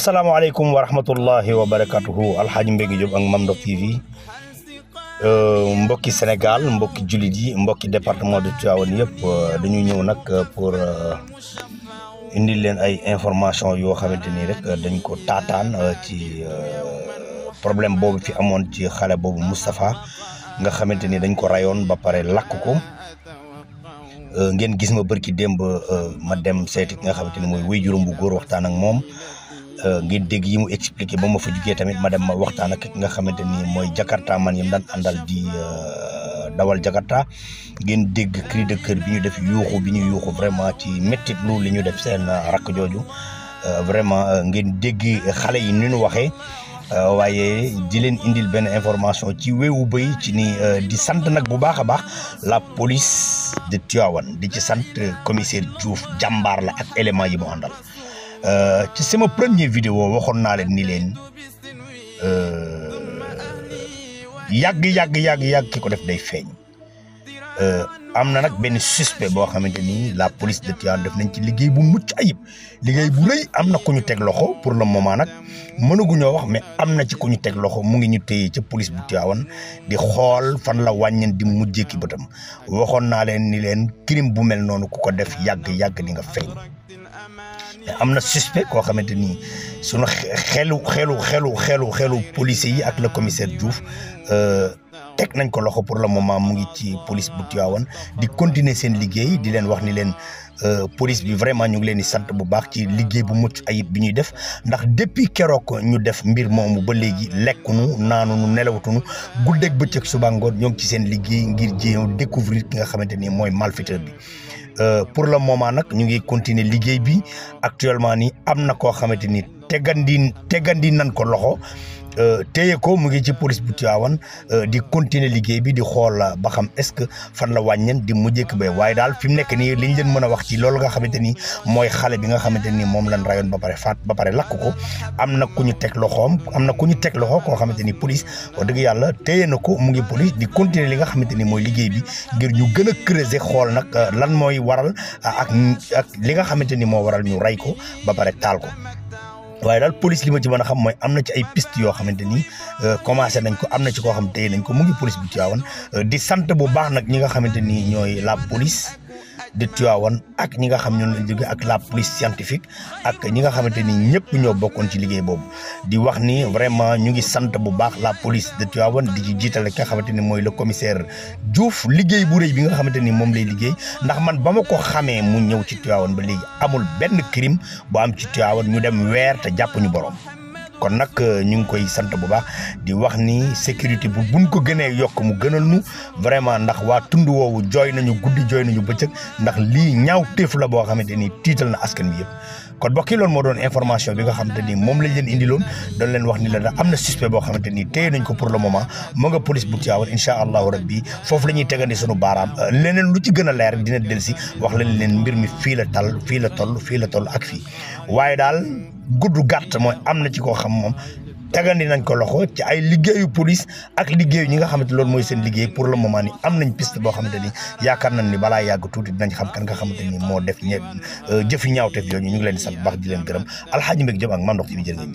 asalaamaaleykum wa rahmatullahi wa barakatuhu alxaaji Mbengue Diop ak Mame Ndokh TV euh, mbokki Sénégal mbokki jullit yi mbokki département de Tivaouane yëpp euh, dañu ñëw nag pour euh, indi leen ay information yoo xamante ni rek dañ ko taataan ci problème boobu fi amoon ci xale boobu mustafa nga xamante ni dañ ko rayoon ba pare lakk ko ngeen gis ma bërki démb ma dem seeti ki nga xamante ni mooy wéy juróom bu góor waxtaan ak moom Euh, ngeen dégg yi mu expliqué ba ma fa jugee tamit ma dem ma waxtaan ak nga xamante ni mooy Jakarta man yam daan àndal di euh, dawal Jakarta ngeen dégg cri de cœur bi ñu def yuuxu bi ñu yuuxu vraiment ci méttit lu li ñu def seen euh, rakk jooju vraiment ngeen dégg xale yi ni ñu waxee. waaye di leen indil benn information ci wéewu béy ci ni di sant nag bu baax a baax la police de Tivaouane di ci sant commissaire Diouf jàmbaar la ak élément yi mu àndal Euh, ci sama premier vidéo waxoon naa leen ni leen euh, yàgg yàgg yàgg yàgg ki ko def day feeñ euh, am na nag benn suspect boo xamante ni la police de Tivaouane def nañ ci liggéey bu mucc ayib liggéey bu rëy am na ku ñu teg loxo pour le moment nag mënaguñoo wax me am na ci ku ñu teg loxo mu ngi ñu téye ci police bu Tivaouane di xool fan la wàññeen di mujjee ki bëtam waxoon naa leen ni leen crime bu mel noonu ku ko def yàgg yàgg di nga feeñ. am na suspect koo xamante ni sunu xelu xelu xelu xelu xelu policier yi ak le commissaire Diouf euh, teg nañ ko loxo pour le moment mu ngi ci police bu Tivaouane di continuer seen liggéey di leen wax ni leen euh, police bi vraiment ñu ngi leen di sant bu baax ci liggéey bu mucc ayib bi ñuy def ndax depuis keroog ñu def mbir moomu ba léegi lekk nu nelaw tu naanunu nelawatunu guddeeg bëccëg suba ngoon ñoo ngi ci seen liggéey ngir jéem découvrir ki nga xamante ni mooy malfaiteur bi Euh, pour le moment nag ñu ngi continuer liggéey bi actuellement nii am na koo xamante ni teggandi teggandi nan ko loxo euh, téye ko mu ngi ci police bu Tivaouane euh, di continuer liggéey bi di xool ba xam est-ce que fan la wàññeen di mujjekk ba waaye daal fi mu nekk nii li leen mën a wax ci loolu nga xamante ni mooy bi nga xamante ni moom lañ rayoon ba pare faat ba pare lakk ko am na ku ñu teg loxoom am na ku ñu teg loxo koo xamante ni police wax dëgg yàlla téye na ko mu ngi police di continuer li nga xamante ni liggéey bi ngir ñu gën a creuser xool nag euh, lan mooy waral ak ak li nga xamante ni moo waral ñu rey ko ba pare taal ko waaye daal police li ma ci mën a xam mooy am na ci ay piste yoo xamante ni euh, commencé nañ ko am na ci koo xam tey nañ ko mu ngi police bu Tivaouane euh, di sant bu baax nag ñi nga xamante ni ñooy la police de Tivaouane ak ñi nga xam ñoo la jóge ak la police scientifique ak ñi nga xamante ni ñëpp ñoo bokkoon ci liggéey boobu di wax ni vraiment ñu ngi sant bu baax la police de Tivaouane di ci jiitale ki nga xamante ni mooy le commissaire Diouf liggéey bu rëy bi nga xamante ni moom lay liggéey ndax man ba ma ko xamee mu ñëw ci Tivaouane ba léegi amul benn crime bu am ci Tivaouane ñu dem weer te jàppuñu borom. kon nag euh, ñu ngi koy sant bu baax di wax ni sécurité bu buñ ko gënee yokk mu gënal nu vraiment ndax waa tund woowu jooy nañu guddi jooy nañu bëccëg ndax lii ñaaw téef la boo xamante ni tiital na askan wi yëpp kon bokki loolu moo doon information bi nga xamante ni moom lañ leen indiloon doon leen wax ni la da am na suspect boo xamante ni téye nañ ko pour le moment mu nga police bu Tivaouane incha allahu rabbi foofu la ñuy tegandi sunu baaraam euh, leneen lu ci gën a leer dina wax lañ leen mbir mi fii la tal fii la toll fii la toll ak fii gudd gart mooy am na ci koo xam moom tegandi nañ ko loxo ci ay liggéeyu police ak liggéeyu ñi nga xamante loolu mooy seen liggéey pour le moment ni am nañ piste boo xamante ni yaakaar nañ ni bala yàgg tuuti dinañ xam kan ga xamante ni moo def ñe jëfi ñaawteef yooyu ñu ngi leen di sant baax di leen gërëm alxaaji Mbeg Jom ak Mame Ndokh TV jërë